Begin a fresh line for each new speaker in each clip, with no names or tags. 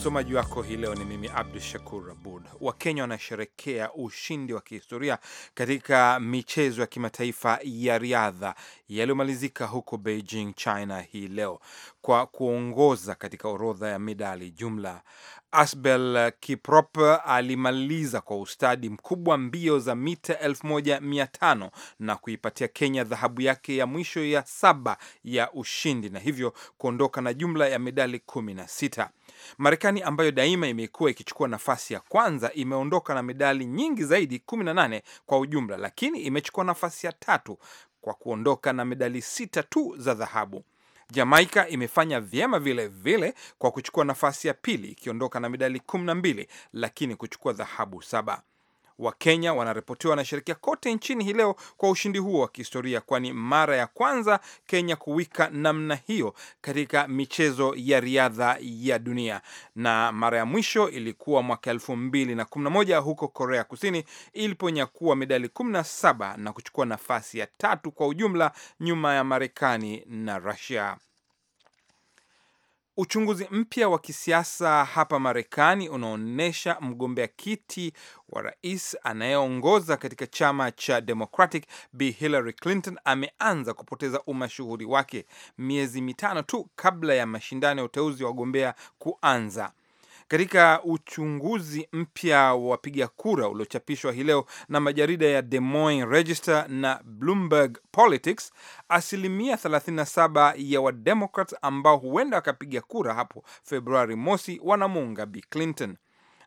Msomaji wako hii leo ni mimi Abdu Shakur Abud. Wakenya wanasherekea ushindi wa kihistoria katika michezo ya kimataifa ya riadha yaliyomalizika huko Beijing, China hii leo kwa kuongoza katika orodha ya medali jumla. Asbel Kiprop alimaliza kwa ustadi mkubwa mbio za mita 1500 na kuipatia Kenya dhahabu yake ya mwisho ya saba ya ushindi na hivyo kuondoka na jumla ya medali sita. Marekani ambayo daima imekuwa ikichukua nafasi ya kwanza imeondoka na medali nyingi zaidi 18 kwa ujumla, lakini imechukua nafasi ya tatu kwa kuondoka na medali sita tu za dhahabu. Jamaika imefanya vyema vile vile kwa kuchukua nafasi ya pili ikiondoka na medali 12 lakini kuchukua dhahabu saba. Wakenya wanaripotiwa wanasherekea kote nchini hii leo kwa ushindi huo wa kihistoria, kwani mara ya kwanza Kenya kuwika namna hiyo katika michezo ya riadha ya dunia, na mara ya mwisho ilikuwa mwaka elfu mbili na kumi na moja huko Korea Kusini iliponyakua medali 17 na kuchukua nafasi ya tatu kwa ujumla nyuma ya Marekani na Rusia. Uchunguzi mpya wa kisiasa hapa Marekani unaonyesha mgombea kiti wa rais anayeongoza katika chama cha Democratic Bi Hillary Clinton ameanza kupoteza umashuhuri wake miezi mitano tu kabla ya mashindano ya uteuzi wa wagombea kuanza. Katika uchunguzi mpya wa wapiga kura uliochapishwa hii leo na majarida ya Des Moines Register na Bloomberg Politics, asilimia 37 ya Wademokrat ambao huenda wakapiga kura hapo Februari mosi wanamuunga Bi Clinton.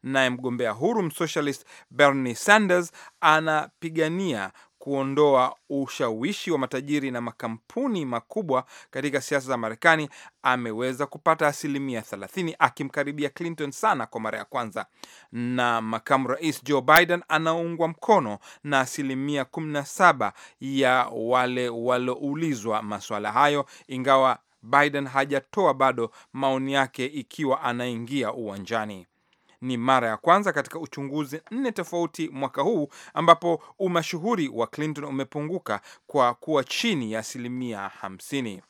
Naye mgombea huru msocialist Bernie Sanders anapigania kuondoa ushawishi wa matajiri na makampuni makubwa katika siasa za Marekani ameweza kupata asilimia 30 akimkaribia Clinton sana kwa mara ya kwanza, na makamu rais Joe Biden anaungwa mkono na asilimia 17 ya wale walioulizwa masuala hayo, ingawa Biden hajatoa bado maoni yake ikiwa anaingia uwanjani. Ni mara ya kwanza katika uchunguzi nne tofauti mwaka huu ambapo umashuhuri wa Clinton umepunguka kwa kuwa chini ya asilimia 50.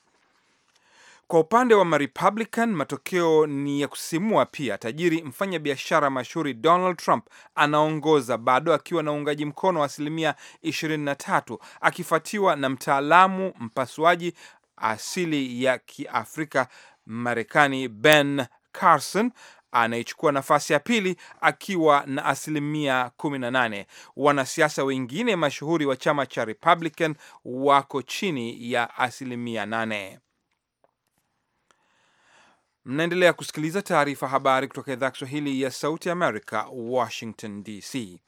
Kwa upande wa Marepublican, matokeo ni ya kusisimua pia. Tajiri mfanya biashara mashuhuri Donald Trump anaongoza bado akiwa na uungaji mkono wa asilimia 23, akifuatiwa na mtaalamu mpasuaji asili ya Kiafrika Marekani Ben Carson anayechukua nafasi ya pili akiwa na asilimia 18. Wanasiasa wengine mashuhuri wa chama cha Republican wako chini ya asilimia 8. Mnaendelea kusikiliza taarifa habari kutoka idhaa Kiswahili ya Sauti Amerika, Washington DC.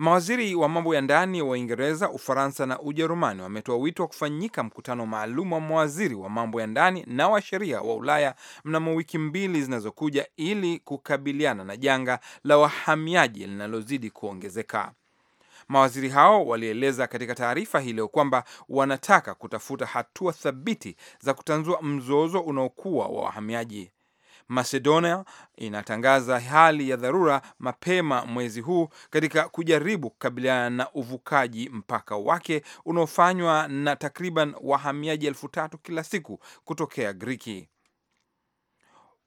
Mawaziri wa mambo ya ndani wa Uingereza, Ufaransa na Ujerumani wametoa wito wa kufanyika mkutano maalum wa mawaziri wa mambo ya ndani na wa sheria wa Ulaya mnamo wiki mbili zinazokuja ili kukabiliana na janga la wahamiaji linalozidi kuongezeka. Mawaziri hao walieleza katika taarifa leo kwamba wanataka kutafuta hatua thabiti za kutanzua mzozo unaokuwa wa wahamiaji. Macedonia inatangaza hali ya dharura mapema mwezi huu katika kujaribu kukabiliana na uvukaji mpaka wake unaofanywa na takriban wahamiaji elfu tatu kila siku kutokea Griki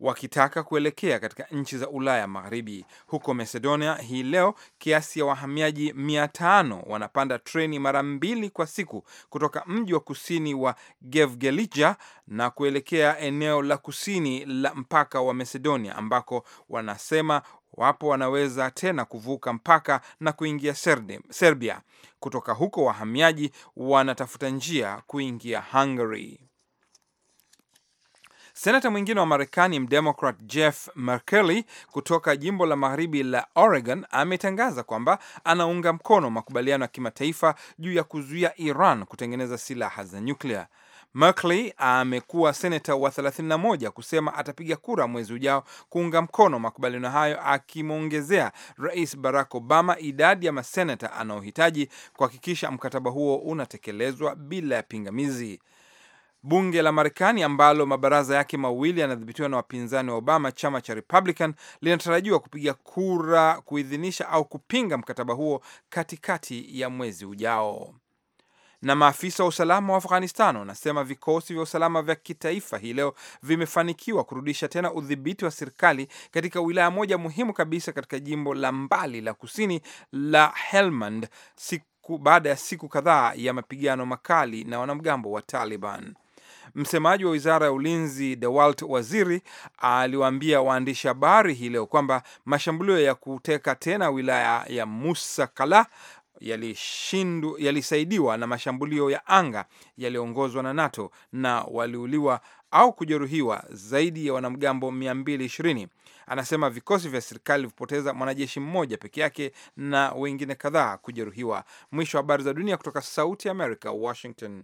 wakitaka kuelekea katika nchi za Ulaya Magharibi. Huko Macedonia hii leo kiasi ya wahamiaji mia tano wanapanda treni mara mbili kwa siku kutoka mji wa kusini wa Gevgelija na kuelekea eneo la kusini la mpaka wa Macedonia ambako wanasema wapo wanaweza tena kuvuka mpaka na kuingia Serbia. Kutoka huko wahamiaji wanatafuta njia kuingia Hungary. Senata mwingine wa Marekani mdemokrat Jeff Merkley kutoka jimbo la magharibi la Oregon ametangaza kwamba anaunga mkono makubaliano ya kimataifa juu ya kuzuia Iran kutengeneza silaha za nyuklia. Merkley amekuwa senata wa 31 kusema atapiga kura mwezi ujao kuunga mkono makubaliano hayo, akimwongezea Rais Barack Obama idadi ya masenata anaohitaji kuhakikisha mkataba huo unatekelezwa bila ya pingamizi. Bunge la Marekani ambalo mabaraza yake mawili yanadhibitiwa na wapinzani wa Obama, chama cha Republican, linatarajiwa kupiga kura kuidhinisha au kupinga mkataba huo katikati ya mwezi ujao. Na maafisa wa usalama wa Afghanistan wanasema vikosi vya usalama vya kitaifa hii leo vimefanikiwa kurudisha tena udhibiti wa serikali katika wilaya moja muhimu kabisa katika jimbo la mbali la kusini la Helmand siku baada ya siku kadhaa ya mapigano makali na wanamgambo wa Taliban. Msemaji wa wizara ya ulinzi Dewalt Waziri aliwaambia waandishi habari hii leo kwamba mashambulio ya kuteka tena wilaya ya Musa Kala yalishindu yalisaidiwa na mashambulio ya anga yaliyoongozwa na NATO na waliuliwa au kujeruhiwa zaidi ya wanamgambo 220. Anasema vikosi vya serikali vipoteza mwanajeshi mmoja peke yake na wengine kadhaa kujeruhiwa. Mwisho wa habari za dunia kutoka Sauti ya America, Washington.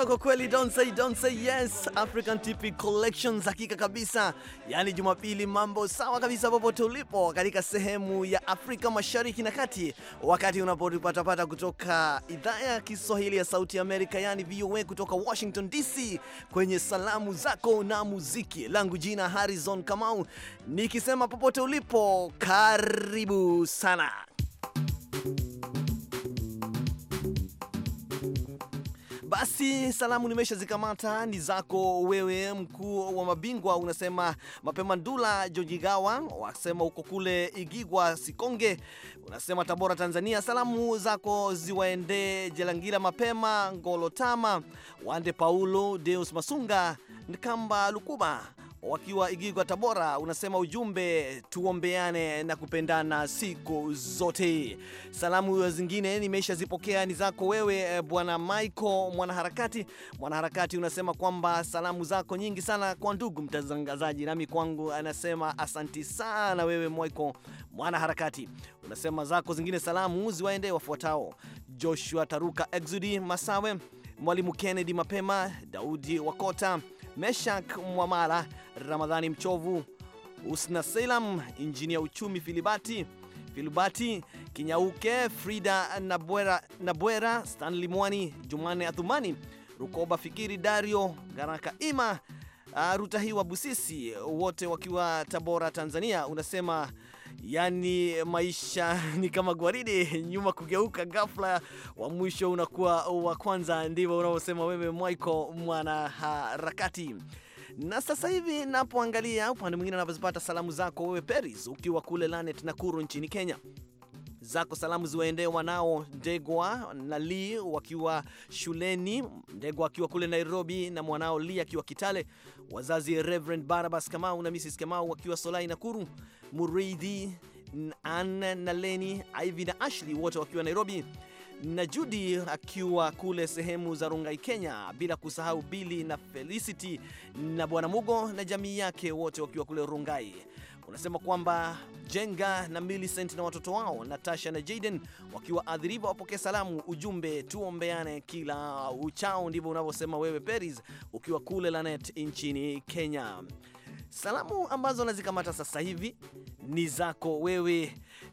Sawa kwa kweli, don't say, don't say yes. African TP Collections, hakika kabisa. Yaani Jumapili mambo sawa kabisa popote ulipo katika sehemu ya Afrika Mashariki na Kati, wakati unapotupatapata kutoka idhaa ya Kiswahili ya Sauti ya Amerika, yani VOA kutoka Washington DC, kwenye salamu zako na muziki langu. Jina Harrison Kamau, nikisema popote ulipo, karibu sana. Basi salamu zikamata ni zako wewe, mkuu wa mabingwa. Unasema mapema Ndula Jojigawa, wasema uko kule Igigwa Sikonge, unasema Tabora, Tanzania. Salamu zako ziwaende Jelangira mapema, Ngolotama Wande, Paulo Deus Masunga, Nkamba Lukuba wakiwa Igigwa, Tabora, unasema ujumbe tuombeane na kupendana siku zote. Salamu zingine nimeisha zipokea, ni zako wewe eh, bwana Michael mwanaharakati. Mwanaharakati unasema kwamba salamu zako nyingi sana kwa ndugu mtazangazaji nami kwangu anasema asanti sana wewe Michael mwanaharakati. Unasema zako zingine salamu ziwaende wafuatao: Joshua Taruka, Exudi Masawe, Mwalimu Kennedy Mapema, Daudi Wakota Meshak Mwamala, Ramadhani Mchovu, Usna Selam, Injinia Uchumi Filibati Filibati Kinyauke, Frida Nabwera, Nabwera Stanley Mwani, Jumane Athumani Rukoba, Fikiri Dario Garaka, Ima uh, Rutahiwa Busisi, wote wakiwa Tabora, Tanzania. Unasema yani maisha ni kama gwaride nyuma kugeuka ghafla, wa mwisho unakuwa wa kwanza, ndivyo unavyosema wewe Michael mwanaharakati. Na sasa hivi napoangalia upande mwingine, anapozipata salamu zako wewe Paris, ukiwa kule Lanet Nakuru nchini Kenya zako salamu ziwaendee wanao Ndegwa na li wakiwa shuleni, Ndegwa akiwa kule Nairobi na mwanao Li akiwa Kitale, wazazi Reverend Barnabas Kamau na Mrs Kamau wakiwa Solai Nakuru, Muridi an na Leni, Ivy na Ashley wote wakiwa Nairobi na Judy akiwa kule sehemu za Rungai, Kenya, bila kusahau Billy na Felicity na Bwana Mugo na jamii yake wote wakiwa kule Rungai unasema kwamba Jenga na Millicent na watoto wao Natasha na Jaden wakiwa adhiriva wapokee salamu. Ujumbe tuombeane kila uchao, ndivyo unavyosema wewe Peris ukiwa kule Lanet nchini Kenya. Salamu ambazo nazikamata sasa hivi ni zako wewe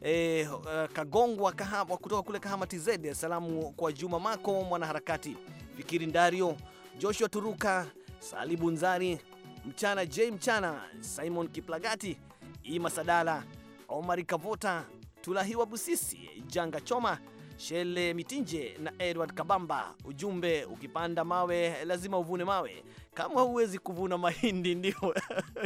eh, eh Kagongwa Kahama, kutoka kule Kahama TZ. Salamu kwa Juma Mako mwanaharakati, Fikiri Ndario, Joshua Turuka, Salibu Nzari, Mchana J Mchana, Simon Kiplagati Ima Sadala, Omari Kavota, Tulahiwa Busisi, Janga Choma, Shele Mitinje na Edward Kabamba. Ujumbe, ukipanda mawe lazima uvune mawe, kama huwezi kuvuna mahindi ndio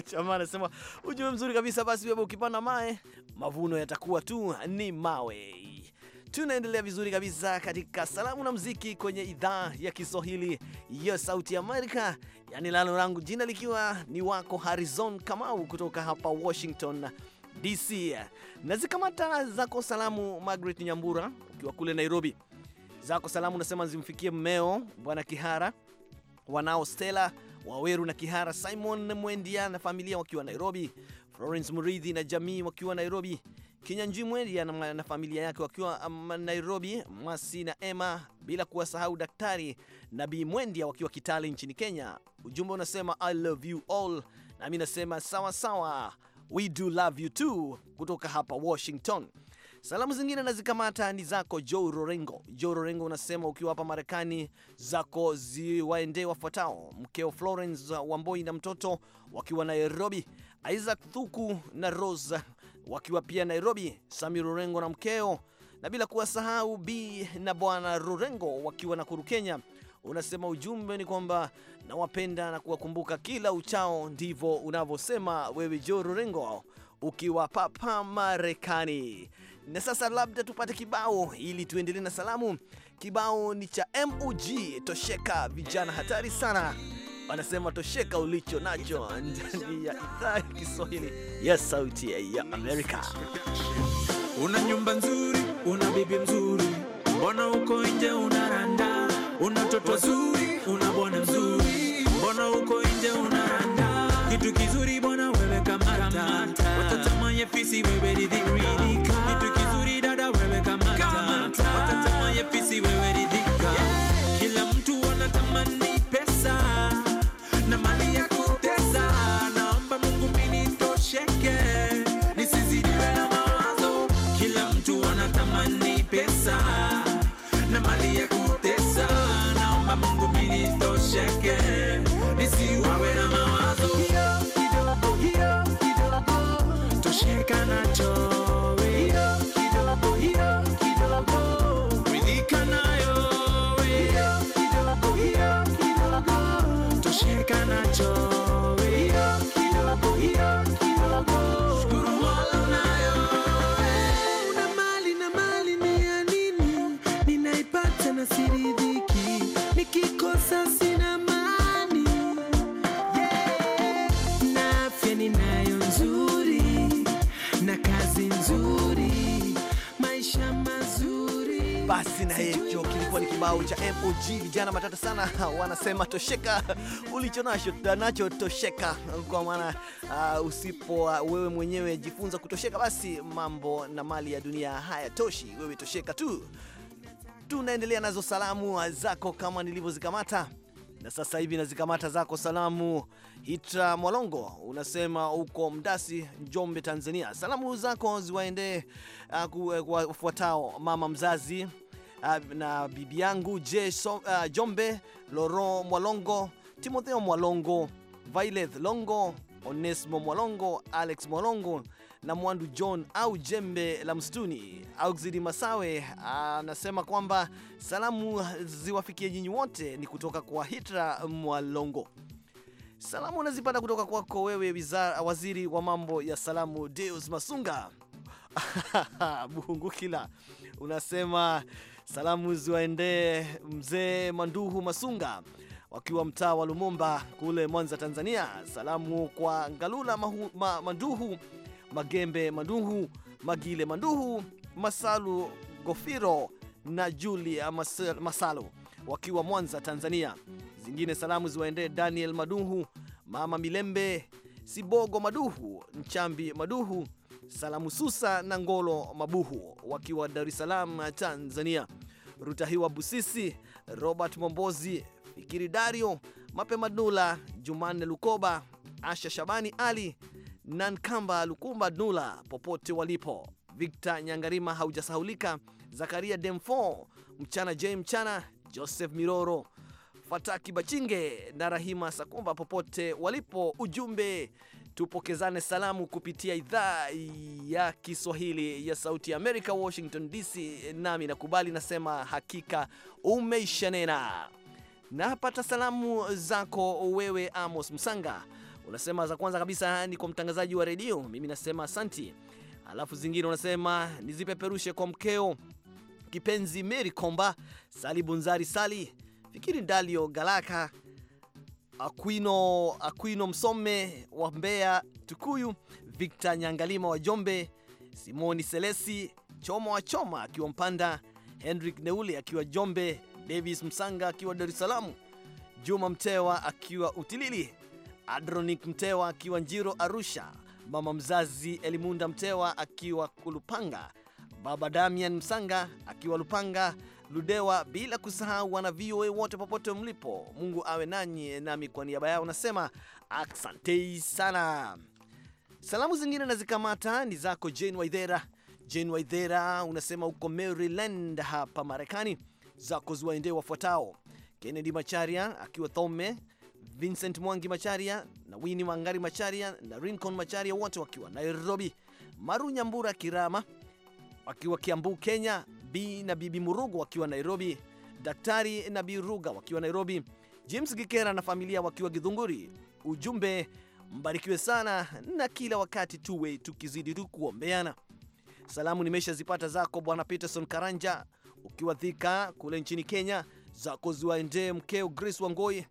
chama. Anasema ujumbe mzuri kabisa. Basi wewe ukipanda mawe, mavuno yatakuwa tu ni mawe. Tunaendelea vizuri kabisa katika salamu na mziki kwenye idhaa ya Kiswahili ya Sauti Amerika, yani lalo langu jina likiwa ni wako harizon Kamau kutoka hapa Washington DC. Na zikamata zako salamu, Margaret Nyambura, ukiwa kule Nairobi. Zako salamu nasema zimfikie mmeo Bwana Kihara, wanao Stella Waweru na Kihara, Simon Mwendia na familia wakiwa Nairobi, Florence Muridhi na jamii wakiwa Nairobi, Kinyanjimweli na na familia yake wakiwa um, Nairobi, Mwasi na Emma, bila kuwasahau Daktari na Bi Mwendia wakiwa Kitale nchini Kenya. Ujumbe unasema I love you all, nami nasema sawa sawa, we do love you too, kutoka hapa Washington. Salamu zingine nazikamata ni zako Joe Rorengo. Joe Rorengo unasema ukiwa hapa Marekani, zako ziwaendee wafuatao: mkeo Florence Wamboi na mtoto wakiwa Nairobi, Isaac Thuku na Rose wakiwa pia Nairobi, Sami Rurengo na mkeo, na bila kuwasahau Bi na Bwana Rurengo wakiwa Nakuru, Kenya. Unasema ujumbe ni kwamba nawapenda na kuwakumbuka kila uchao, ndivyo unavyosema wewe Jo Rurengo ukiwa papa Marekani. Na sasa labda tupate kibao ili tuendelee na salamu. Kibao ni cha MUG Tosheka, vijana hatari sana wanasema tosheka ulicho nacho ndani ya idhaa ya Kiswahili ya Sauti ya Amerika. Una nyumba nzuri, una bibi mzuri, mbona uko nje
unaranda? Una toto zuri, una bwana mzuri, mbona uko nje unaranda? Kitu kizuri bwana wewe kamata, watatama fisi wewe ridhika. Kitu kizuri dada wewe kamata, watatama fisi wewe ridhika. Kila mtu anatamani pesa cheke nisiwawe na mawazo kidogo kidogo tosheka nacho kidogo kidogo kidogo
Basi na hicho kilikuwa ni kibao cha MOG, vijana matata sana wanasema tosheka ulichonacho nacho tosheka, kwa maana uh, usipo uh, wewe mwenyewe jifunza kutosheka, basi mambo na mali ya dunia hayatoshi, wewe tosheka tu. Tunaendelea nazo salamu zako kama nilivyozikamata na sasa hivi nazikamata zako salamu. Hitra Mwalongo, unasema uko Mdasi, Njombe, Tanzania. Salamu zako ziwaendee uh, kufuatao: uh, mama mzazi Ah, na bibi yangu so, uh, Jombe, loro Mwalongo, Timotheo Mwalongo, Violet Longo, Onesmo Mwalongo, Alex Mwalongo na Mwandu John au Jembe la Msituni. Auxidi Masawe ah, anasema kwamba salamu ziwafikie nyinyi wote ni kutoka kwa Hitra Mwalongo. Salamu unazipata kutoka kwako wewe wizara, waziri wa mambo ya salamu Deus Masunga Buhungu kila unasema Salamu ziwaendee mzee Manduhu Masunga wakiwa mtaa wa Lumumba kule Mwanza, Tanzania. Salamu kwa Ngalula Mahu, ma, Manduhu Magembe Manduhu Magile Manduhu Masalu Gofiro na Julia Masalu wakiwa Mwanza, Tanzania. Zingine salamu ziwaendee Daniel Maduhu, Mama Milembe Sibogo Maduhu, Nchambi Maduhu Salamu Susa na Ngolo Mabuhu wakiwa Dar es Salaam, Tanzania. Rutahiwa Busisi, Robert Mombozi, Fikiri Dario, Mapema Dula, Jumanne Lukoba, Asha Shabani Ali, Nankamba Lukumba Dula popote walipo. Victor Nyangarima haujasahulika, Zakaria Demfo, Mchana J Mchana, Joseph Miroro, Fataki Bachinge na Rahima Sakumba popote walipo. Ujumbe tupokezane salamu kupitia idhaa ya Kiswahili ya Sauti ya Amerika, Washington DC. Nami nakubali nasema, hakika umeisha nena. Napata salamu zako wewe, Amos Msanga. Unasema za kwanza kabisa ni kwa mtangazaji wa redio, mimi nasema asanti. Alafu zingine unasema nizipeperushe kwa mkeo kipenzi Meri Komba, Sali Bunzari, Sali Fikiri, Ndalio Galaka Aquino, Aquino Msome wa Mbeya, Tukuyu, Victor Nyangalima wa Jombe, Simoni Selesi Choma wa Choma akiwa Mpanda, Henrik Neule akiwa Jombe, Davis Msanga akiwa Dar es Salaam, Juma Mtewa akiwa Utilili, Adronik Mtewa akiwa Njiro Arusha, mama mzazi Elimunda Mtewa akiwa Kulupanga, baba Damian Msanga akiwa Lupanga Ludewa, bila kusahau wana VOA wote popote mlipo. Mungu awe nanyi, nami kwa niaba yao nasema asantei sana. Salamu zingine nazikamata ni zako Jane Waithera. Jane Waithera unasema uko Maryland hapa Marekani, zako ziwaendee wafuatao: Kennedy Macharia akiwa Thome, Vincent Mwangi Macharia na Winnie Wangari Macharia na Rincon Macharia, wote wakiwa Nairobi. Maru Nyambura Kirama wakiwa Kiambu, Kenya, B na Bibi Murugo wakiwa Nairobi, Daktari na Biruga wakiwa Nairobi, James Gikera na familia wakiwa Githunguri. Ujumbe, mbarikiwe sana na kila wakati tuwe tukizidi tu kuombeana. Salamu nimeshazipata zako Bwana Peterson Karanja ukiwa Thika kule nchini Kenya, zako ziwaendee mkeo Grace Wangoi,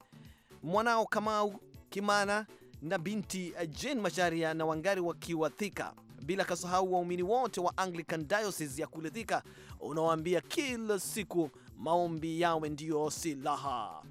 mwanao Kamau Kimana na binti Jane masharia na Wangari wakiwa Thika bila kasahau waumini wote wa Anglican Diocese ya kuridhika, unawaambia kila siku maombi yawe ndiyo silaha.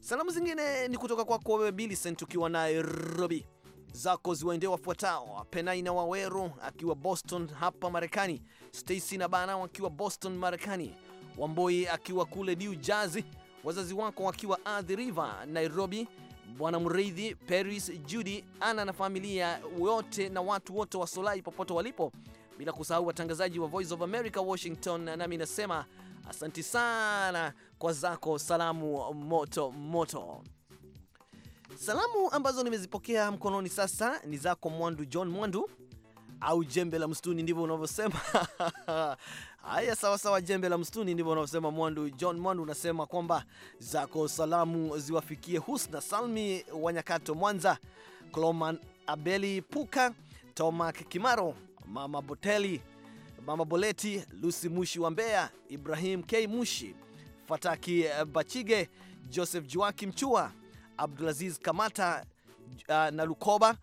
Salamu zingine ni kutoka kwako wewe Bilicent ukiwa Nairobi, zako ziwaende wafuatao: Penaina Waweru akiwa Boston hapa Marekani, Stacy na Bana wakiwa Boston Marekani, Wamboi akiwa kule New Jersey, wazazi wako wakiwa Athi River Nairobi Bwana Mridhi, Paris, Judy, Ana na familia wote na watu wote wa Solai popote walipo, bila kusahau watangazaji wa Voice of America Washington. Nami nasema asanti sana kwa zako salamu moto moto. Salamu ambazo nimezipokea mkononi sasa ni zako Mwandu John Mwandu au jembe la msituni ndivyo unavyosema. Haya, sawa sawa, jembe la msituni, ndivyo unavyosema Mwandu. John Mwandu unasema kwamba zako salamu ziwafikie Husna Salmi wa Nyakato, Mwanza, Cloman Abeli Puka, Tomak Kimaro, Mama Boteli, Mama Boleti, Lusi Mushi wa Mbeya, Ibrahim K Mushi, Fataki Bachige, Joseph Juaki Mchua, Abdulaziz Kamata uh, na Lukoba,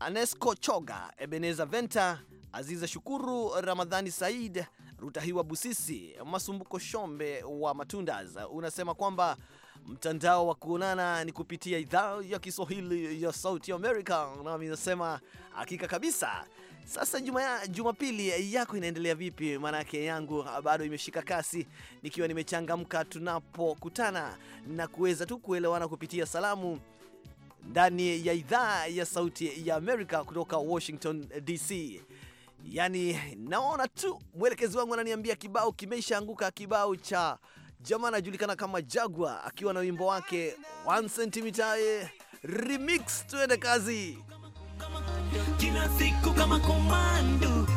Anesco Choga, Ebeneza Venta, Aziza Shukuru, Ramadhani Said Rutahiwa Busisi Masumbuko Shombe wa Matundas unasema kwamba mtandao wa kuonana ni kupitia idhaa ya Kiswahili ya Sauti america nami nasema hakika kabisa. Sasa Jumapili yako inaendelea vipi? Maanake yangu bado imeshika kasi, nikiwa nimechangamka tunapokutana na kuweza tu kuelewana kupitia salamu ndani ya idhaa ya Sauti ya Amerika kutoka Washington DC. Yani naona tu mwelekezi wangu ananiambia kibao kimeshaanguka, kibao cha jamaa anajulikana kama Jagwa akiwa na wimbo wake 1 cm remix. Tuende kazi kila siku kama komando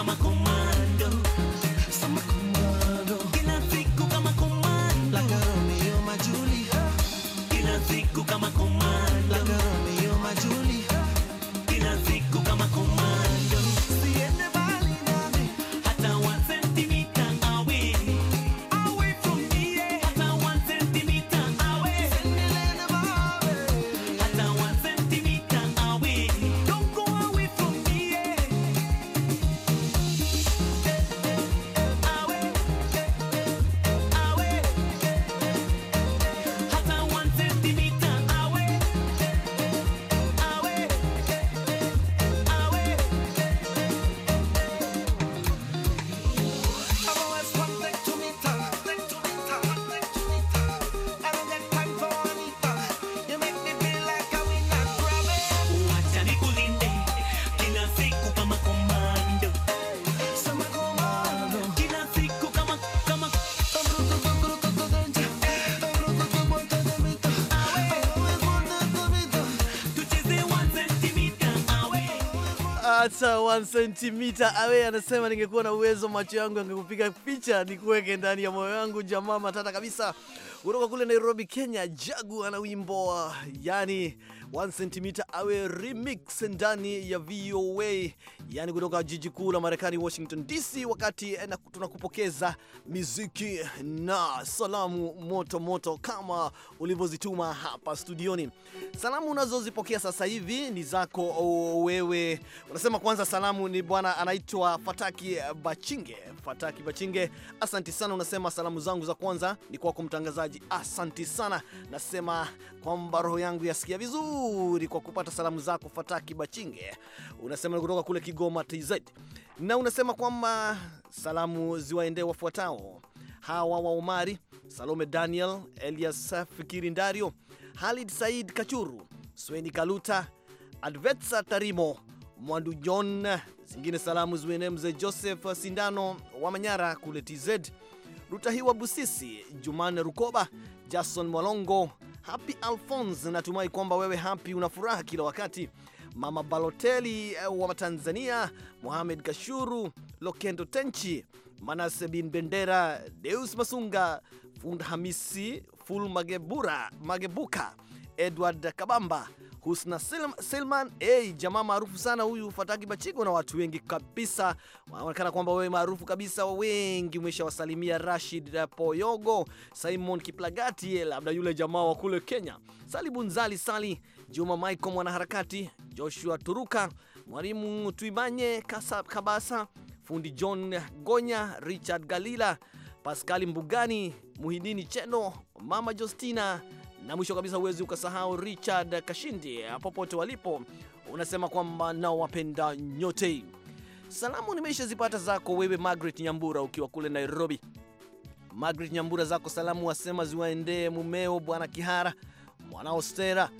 kama kum hata 1 cm awe anasema, ningekuwa na uwezo macho yangu angekupiga picha nikuweke ndani ya moyo wangu. Jamaa matata kabisa kutoka kule Nairobi, Kenya. Jagu ana wimbo yani 1 cm awe remix ndani ya VOA, yani kutoka jiji kuu la Marekani Washington DC, wakati eh, tunakupokeza miziki na salamu moto moto kama ulivyozituma hapa studioni. Salamu unazozipokea sasa hivi ni zako oh, wewe, unasema kwanza salamu ni bwana anaitwa Fataki Bachinge. Fataki Bachinge, asanti sana. Unasema salamu zangu za kwanza ni kwako mtangazaji, asanti sana. Nasema kwamba roho yangu yasikia vizuri vizuri kwa kupata salamu zako. Fataki Bachinge unasema kutoka kule Kigoma TZ, na unasema kwamba salamu ziwaendee wafuatao hawa wa Omari Salome, Daniel Elias, Fikiri Ndario, Halid Said Kachuru, Sweni Kaluta, Advetsa Tarimo, Mwandu John. Zingine salamu ziwaendee mzee Joseph Sindano wa Manyara kule TZ, Rutahiwa Busisi, Jumane Rukoba, Jason Mwalongo Happy Alphonse, natumai kwamba wewe Happy una furaha kila wakati. Mama Baloteli eh, wa Tanzania, Mohamed Kashuru, Lokendo Tenchi, Manase bin Bendera, Deus Masunga, fund Hamisi, Ful Magebura, Magebuka, Edward Kabamba Husna Selman, hey, jamaa maarufu sana huyu Fataki Bachigo na watu wengi kabisa wanaonekana kwamba wewe maarufu kabisa, wengi umeshawasalimia Rashid Poyogo, Simon Kiplagati, labda yule jamaa wa kule Kenya, Bunzali, Sali, Juma Michael mwanaharakati, Joshua Turuka, Mwalimu Tuibanye Kasab, Kabasa, Fundi John Gonya, Richard Galila, Paskali Mbugani, Muhidini Cheno, Mama Justina na mwisho kabisa, huwezi ukasahau Richard Kashindi, popote walipo, unasema kwamba nawapenda nyote. Salamu nimeisha zipata zako wewe Margaret Nyambura ukiwa kule Nairobi. Margaret Nyambura, zako salamu wasema ziwaendee mumeo Bwana Kihara, mwana ostera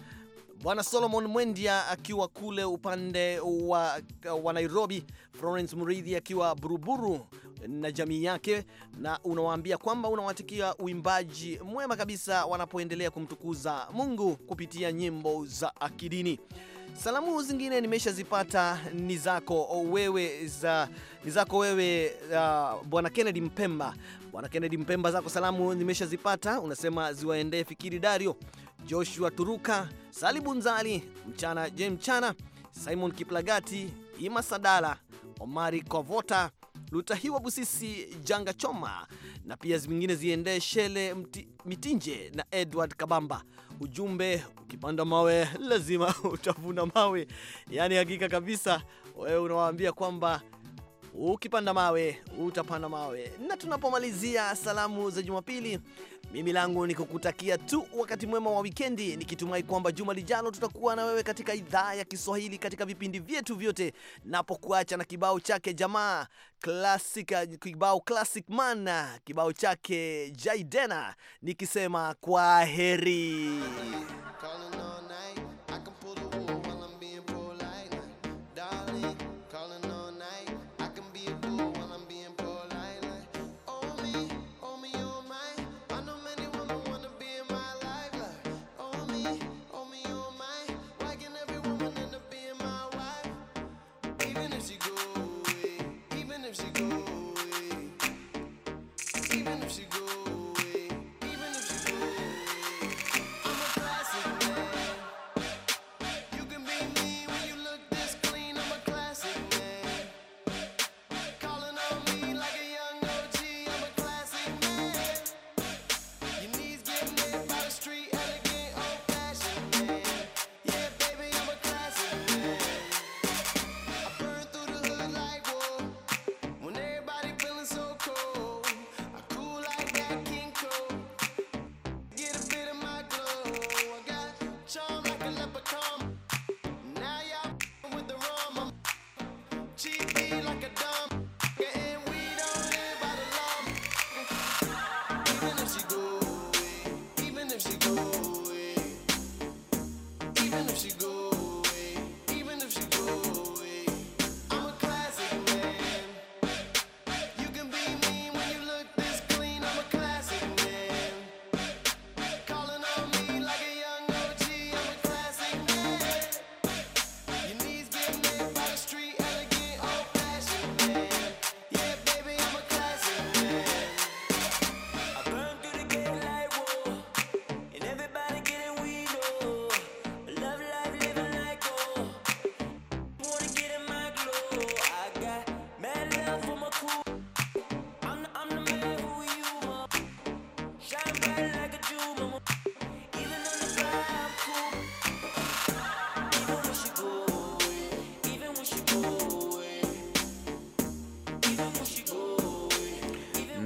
Bwana Solomon Mwendia akiwa kule upande wa, wa Nairobi, Florence Muridhi akiwa Buruburu, na jamii yake, na unawaambia kwamba unawatikia uimbaji mwema kabisa wanapoendelea kumtukuza Mungu kupitia nyimbo za akidini. Salamu zingine nimeshazipata ni zako wewe za ni zako wewe uh, Bwana Kennedy Mpemba. Bwana Kennedy Mpemba, zako salamu nimeshazipata, unasema ziwaendee Fikiri Dario, Joshua Turuka, Salibunzali, mchana je mchana, Simon Kiplagati, Ima Sadala, Omari Kovota Lutahiwa Busisi Janga Choma na pia zingine ziendee Shele Mti, Mitinje na Edward Kabamba. Ujumbe ukipanda mawe lazima utavuna mawe, yaani hakika kabisa wewe unawaambia kwamba ukipanda mawe utapanda mawe. Na tunapomalizia salamu za Jumapili, mimi langu ni kukutakia tu wakati mwema wa wikendi, nikitumai kwamba juma lijalo tutakuwa na wewe katika idhaa ya Kiswahili katika vipindi vyetu vyote, napokuacha na kibao chake jamaa classic, kibao classic man, kibao chake Jaidena, nikisema kwa heri.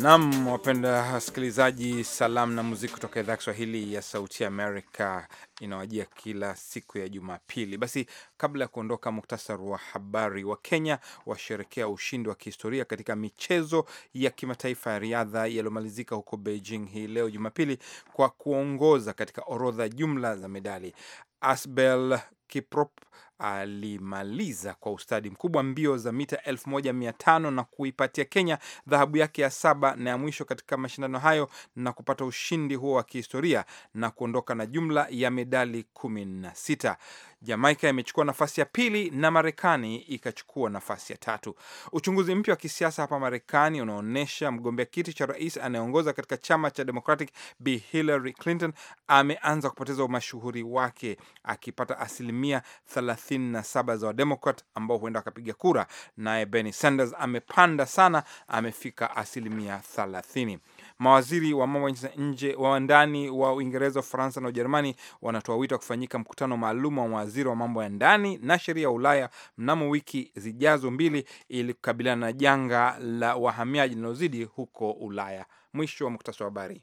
Nam, wapenda wasikilizaji, salamu na muziki kutoka idhaa ya Kiswahili ya Sauti Amerika inawajia kila siku ya Jumapili. Basi kabla ya kuondoka, muktasari wa habari. Wa Kenya washerekea ushindi wa kihistoria katika michezo ya kimataifa ya riadha yaliyomalizika huko Beijing hii leo Jumapili kwa kuongoza katika orodha jumla za medali. Asbel Kiprop alimaliza kwa ustadi mkubwa mbio za mita 1500 na kuipatia Kenya dhahabu yake ya saba na ya mwisho katika mashindano hayo na kupata ushindi huo wa kihistoria na kuondoka na jumla ya medali 16. Jamaika imechukua nafasi ya pili na Marekani ikachukua nafasi ya tatu. Uchunguzi mpya wa kisiasa hapa Marekani unaonyesha mgombea kiti cha rais anayeongoza katika chama cha Democratic Bi Hillary Clinton ameanza kupoteza umashuhuri wake akipata asilimia 37 za Wademokrat ambao huenda wakapiga kura, naye Bernie Sanders amepanda sana, amefika asilimia 30. Mawaziri wa mambo ya nje wa ndani wa Uingereza, Ufaransa na Ujerumani wanatoa wito wa kufanyika mkutano maalum wa mawaziri wa mambo ya ndani na sheria ya Ulaya mnamo wiki zijazo mbili, ili kukabiliana na janga la wahamiaji linalozidi huko Ulaya. Mwisho wa muktasari wa habari.